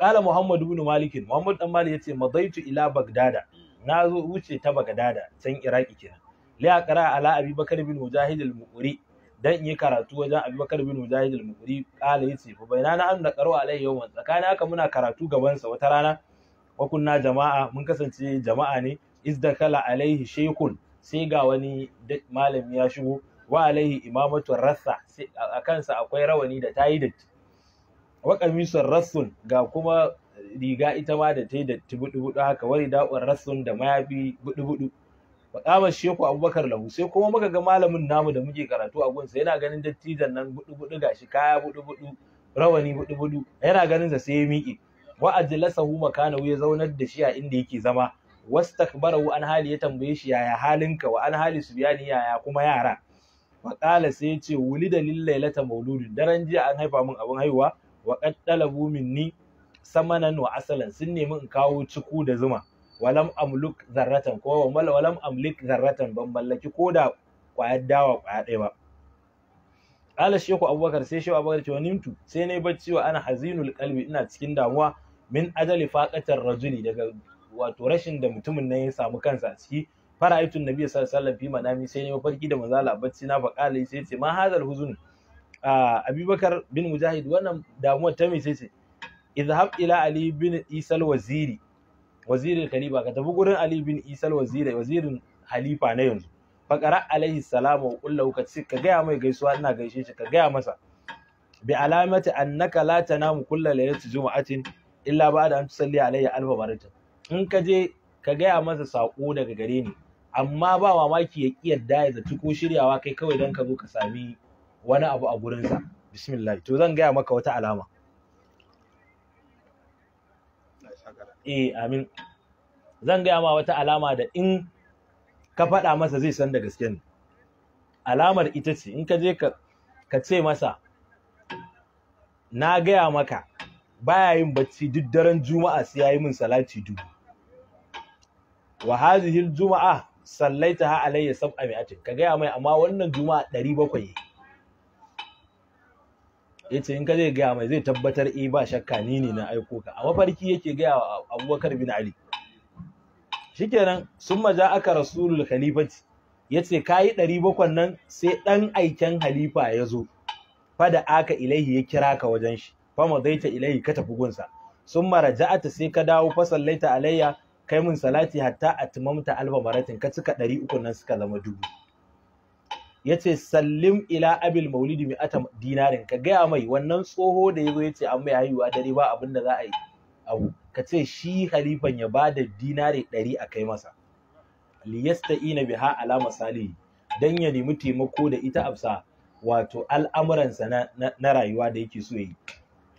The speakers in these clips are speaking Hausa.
Faƙala Muhammadu bin Malikin, Muhammadu dan Malik yace madaitu ila Bagdada. Na zo wuce ta Bagdada can Iraki kenan. Liya qara ala Abi bin Mujahid al don in yi karatu wajen Abi bin Mujahid al-Muqri qala yace fa na an naqaru alaihi yawman tsakanin haka muna karatu gabansa. wata rana wa kunna jama'a mun kasance jama'a ne kala, alaihi shekun. sai ga wani malami ya shigo wa alaihi imamatu rassa A kansa akwai rawani da tayi datti wa kamisar rassun ga kuma riga ita ma da ta yi datti budu haka wari da'uwar rassun da mayafi budu-budu wa kama sheku abubakar lahu sai kuma muka ga malamin namu da muke karatu a gunsa yana ganin dattijan nan budu-budu gashi kaya budu-budu rawani budu-budu yana ganin sa sai ya miƙe wa hu makana ya zaunar da shi a inda yake zama wastakbarahu an hali ya tambaye shi yaya halinka wa an hali su biyani yaya kuma yara wa qala sai ya ce wulida lillailata lailata mauludin daren jiya an haifa mun abin haihuwa wa qad talabu minni samanan wa asalan sun nemi in kawo ciku da zuma walam amluk zarratan ko walam amlik zarratan ban mallaki ko da kwayar dawa kwaya ɗaya ba qala shehu abubakar sai shehu abubakar ce nimtu sai nayi bacci wa ana hazinul qalbi ina cikin damuwa min ajali faqatar rajuli daga wato rashin da mutumin nan ya samu kansa a ciki fara'aitun nabiy sallallahu alaihi wasallam fi manami sai nayi mafarki da manzo Allah bacci na faqala sai ce ma hadal huzun abubakar bin mujahid wannan damuwar ta mece ce izhab ila ali bin isal waziri wazirin khalifa ka tafi gurin ali bin isal waziri wazirin halifa na yanzu faqara alaihi salamu wa qullahu ka ce ka gaya mai gaisuwa ina gaishe shi ka gaya masa bi alamati annaka la tanamu kulla laylatin jumu'atin illa ba'da an tusalli alayya alfa barata in ka je ka gaya masa sako daga gare ni amma ba mamaki ya ƙi yarda ya zaci ko shiryawa kai kawai don ka zo ka sami wani abu a gurinsa bismillah to zan gaya maka wata alama eh amin zan gaya ma wata alama da in ka faɗa masa zai san da gaske ne alamar ita ce in ka je ka ce masa na gaya maka baya yin bacci duk daren juma'a sai yayi min salati dubu wa hadhihi juma'a sallaitaha alayya sab'a mi'atin ka gaya mai amma wannan juma'a 700 ya ce in ka zai gaya mai zai tabbatar e ba shakka ni ne na aiko ka a mafarki yake gaya wa abubakar bin ali shikenan sun maja aka rasulul khalifati ya ce ka yi ɗari bakwan nan sai ɗan aiken halifa ya zo fada aka ilaihi ya kira ka wajen shi fama zaita ilaihi ka tafi gunsa sun mara ja'ata sai ka dawo fasallaita alayya kai mun salati hatta a atmamta alba maratin ka cika ɗari uku nan suka zama dubu ya ce sallim ila abil maulidi mai ata dinarin ka gaya mai wannan tsoho da ya zo ya ce an mai haihuwa dare ba abin da za a yi abu ka ce shi halifan ya ba da dinari ɗari a kai masa liyasta ina biha ala salihi dan ya nemi taimako da ita absa wato al'amuransa na, rayuwa da yake so yi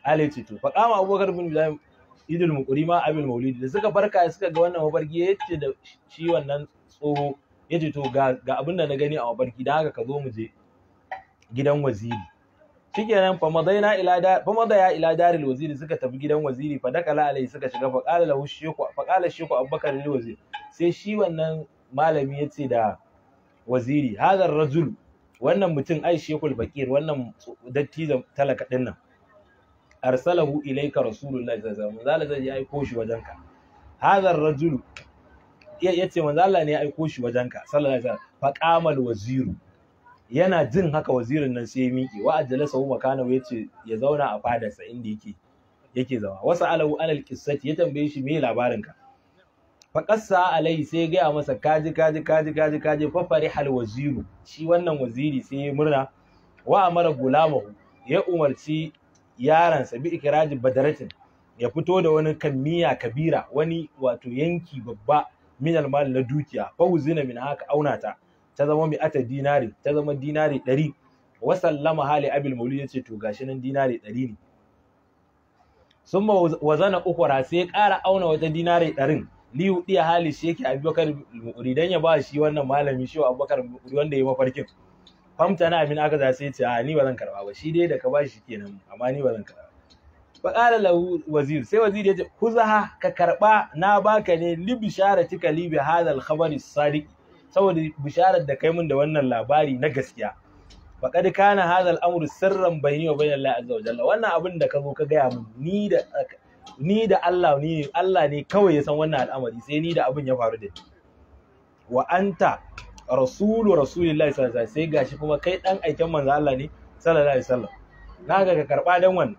alaici to fa kama abubakar bin bilaim idul muqrima abil maulidi da suka farka suka ga wannan mabargi ya ce da shi wannan tsoho ya ce to ga abin da na gani a mafarki da haka ka zo mu je gidan waziri shikenan fa madaina ila da fa madaya ila daril waziri suka tafi gidan waziri fa dakala alai suka shiga fa qala lahu sheku fa qala shiku abubakar lil waziri sai shi wannan malami ya ce da waziri hadar rajul wannan mutum ai shekul bakir wannan dattijan talaka din nan arsalahu ilayka rasulullahi sallallahu alaihi wasallam zalika ya aiko shi wajenka hadar rajul ya ce manzo Allah ne ya aiko shi wajenka sallallahu alaihi wasallam qamal waziru yana jin haka wazirin nan sai ya miƙe wa ajalasa hu makana ya ce ya zauna a fadarsa inda yake yake zama wasa alahu alal qissati ya tambaye shi me labarin ka fa qassa alai sai ya gaya masa kaji kaji kaji kaji kaji fa farihal waziru shi wannan waziri sai ya murna wa amara gulamahu ya umarci yaransa bi ikraji badaratin ya fito da wani kammiya kabira wani wato yanki babba min almal na dukiya fa uzina min haka auna ta ta zama mi ata dinari ta zama dinari 100 wa sallama hali abil maulid yace to gashi nan dinari 100 ne sun ma wazana ukura sai ya ƙara auna wata dinari 100 li ɗiya hali shi yake abubakar mu'uri dan ya ba shi wannan malami shi abubakar mu'uri wanda ya mafarkin famta na min aka za sai ce ni ba zan karɓa ba shi dai da ka ba shi kenan amma ni ba zan karba faƙala lahu wazir sai wazir ya ce huzaha ka karɓa na baka ne li bisharatika li bi hadal khabari sadiq saboda bisharar da kai mun da wannan labari na gaskiya faqad kana hadal amru sirran bayni wa bainal lahi azza wa jalla wannan abin da ka zo ka gaya mun ni da ni da Allah ni Allah ne kawai ya san wannan al'amari sai ni da abin ya faru da ni wa anta rasulu rasulillahi sallallahu alaihi wasallam sai gashi kuma kai dan aikin manzo Allah ne sallallahu alaihi wasallam na ga ka karba dan wannan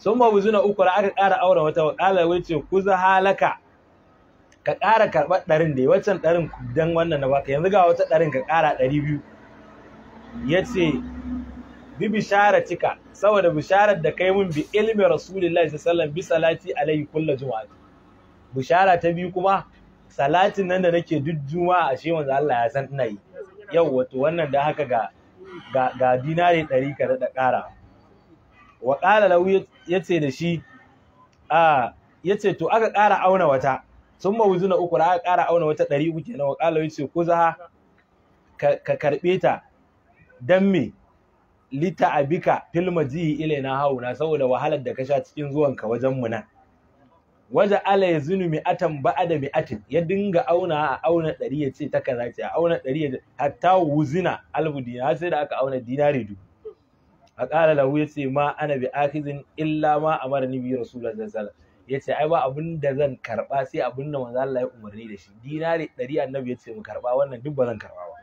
sun ma buzuna uku aka ƙara auren wata wa ƙala ku za halaka ka ƙara karɓar ɗarin da waccan ɗarin dan wannan na baka yanzu ga wata ɗarin ka ƙara ɗari biyu ya ce bi cika, saboda bisharar da kai mun bi ilmi rasulullahi sallallahu alaihi wasallam bi salati alaihi kullu juma'a bishara ta biyu kuma salatin nan da nake duk juma'a ashe manzo Allah ya san ina yi yau wato wannan da haka ga ga dinare ɗari ka da ƙara wa ƙala ya ce da shi ya ce to aka ƙara auna wata sun ma wuzuna uku da aka ƙara auna wata ɗari uku kenan wa ƙala ya ce ku za ka karɓe ta don me lita abika ile na hau na saboda wahalar da ka sha cikin zuwanka wajen muna waje ala ya zunu mai atan ba'a da mai atin ya dinga auna a auna ɗari ya ce ta kaza ce a auna ɗari ya hatta wuzina albu dinar sai da aka auna dinari dubu a lahu ya ce ma ana bi akhizin illa ma amara ni nibi rasulullah sallallahu ya ce ai ba abin da zan karba sai abin da manzo Allah ya umarni da shi dinari ɗari annabi ya ce mu karba wannan duk ba zan karba ba